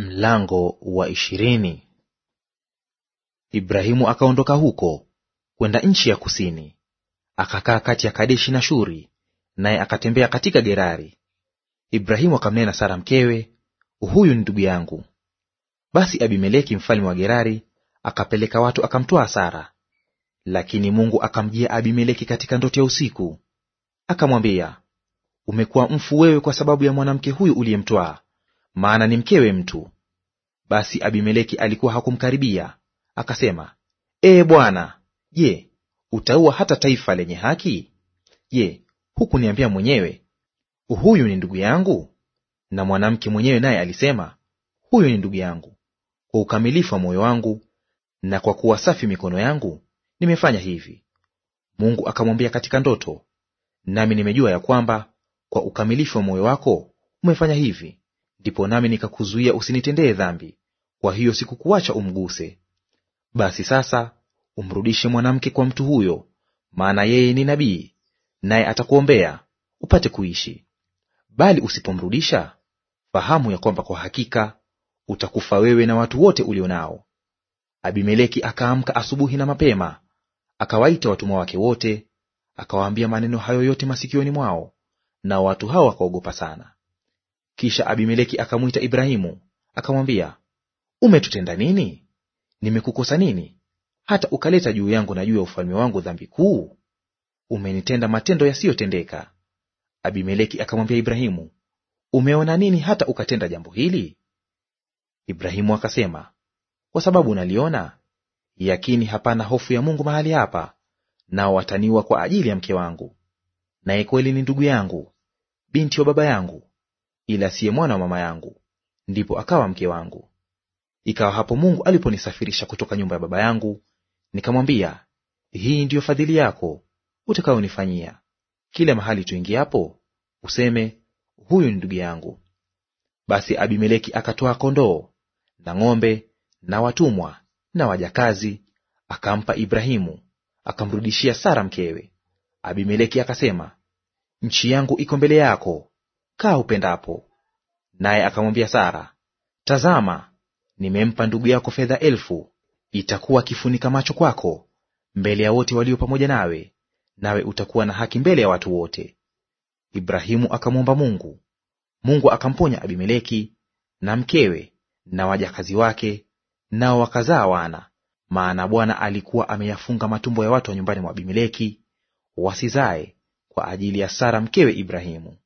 Mlango wa ishirini. Ibrahimu akaondoka huko kwenda nchi ya kusini, akakaa kati ya Kadeshi na Shuri, naye akatembea katika Gerari. Ibrahimu akamnena Sara mkewe, huyu ni ndugu yangu. Basi Abimeleki mfalme wa Gerari akapeleka watu akamtwaa Sara. Lakini Mungu akamjia Abimeleki katika ndoto ya usiku, akamwambia, umekuwa mfu wewe kwa sababu ya mwanamke huyu uliyemtwaa maana ni mkewe mtu. Basi Abimeleki alikuwa hakumkaribia, akasema, Ee Bwana, je, utaua hata taifa lenye haki? Je, hukuniambia mwenyewe, huyu ni ndugu yangu? Na mwanamke mwenyewe naye alisema, huyu ni ndugu yangu. Kwa ukamilifu wa moyo wangu na kwa kuwa safi mikono yangu nimefanya hivi. Mungu akamwambia katika ndoto, nami nimejua ya kwamba kwa ukamilifu wa moyo wako umefanya hivi, ndipo nami nikakuzuia usinitendee dhambi, kwa hiyo sikukuacha umguse. Basi sasa umrudishe mwanamke kwa mtu huyo, maana yeye ni nabii, naye atakuombea upate kuishi. Bali usipomrudisha, fahamu ya kwamba kwa hakika utakufa wewe na watu wote ulio nao. Abimeleki akaamka asubuhi na mapema, akawaita watumwa wake wote, akawaambia maneno hayo yote masikioni mwao, na watu hao wakaogopa sana. Kisha Abimeleki akamwita Ibrahimu akamwambia, umetutenda nini? Nimekukosa nini, hata ukaleta juu yangu na juu ya ufalme wangu dhambi kuu? Umenitenda matendo yasiyotendeka. Abimeleki akamwambia Ibrahimu, umeona nini hata ukatenda jambo hili? Ibrahimu akasema, kwa sababu naliona yakini hapana hofu ya Mungu mahali hapa, nao wataniua kwa ajili ya mke wangu, naye kweli ni ndugu yangu, binti wa baba yangu, ila siye mwana wa mama yangu, ndipo akawa mke wangu. Ikawa hapo Mungu aliponisafirisha kutoka nyumba ya baba yangu, nikamwambia, hii ndiyo fadhili yako utakayonifanyia, kila mahali tuingiapo useme, huyu ni ndugu yangu. Basi Abimeleki akatoa kondoo na ng'ombe na watumwa na wajakazi, akampa Ibrahimu, akamrudishia Sara mkewe. Abimeleki akasema, nchi yangu iko mbele yako, kaa upendapo. Naye akamwambia Sara, tazama, nimempa ndugu yako fedha elfu, itakuwa kifunika macho kwako mbele ya wote walio pamoja nawe, nawe utakuwa na haki mbele ya watu wote. Ibrahimu akamwomba Mungu, Mungu akamponya Abimeleki na mkewe na wajakazi wake, nao wakazaa wana, maana Bwana alikuwa ameyafunga matumbo ya watu wa nyumbani mwa Abimeleki wasizae, kwa ajili ya Sara mkewe Ibrahimu.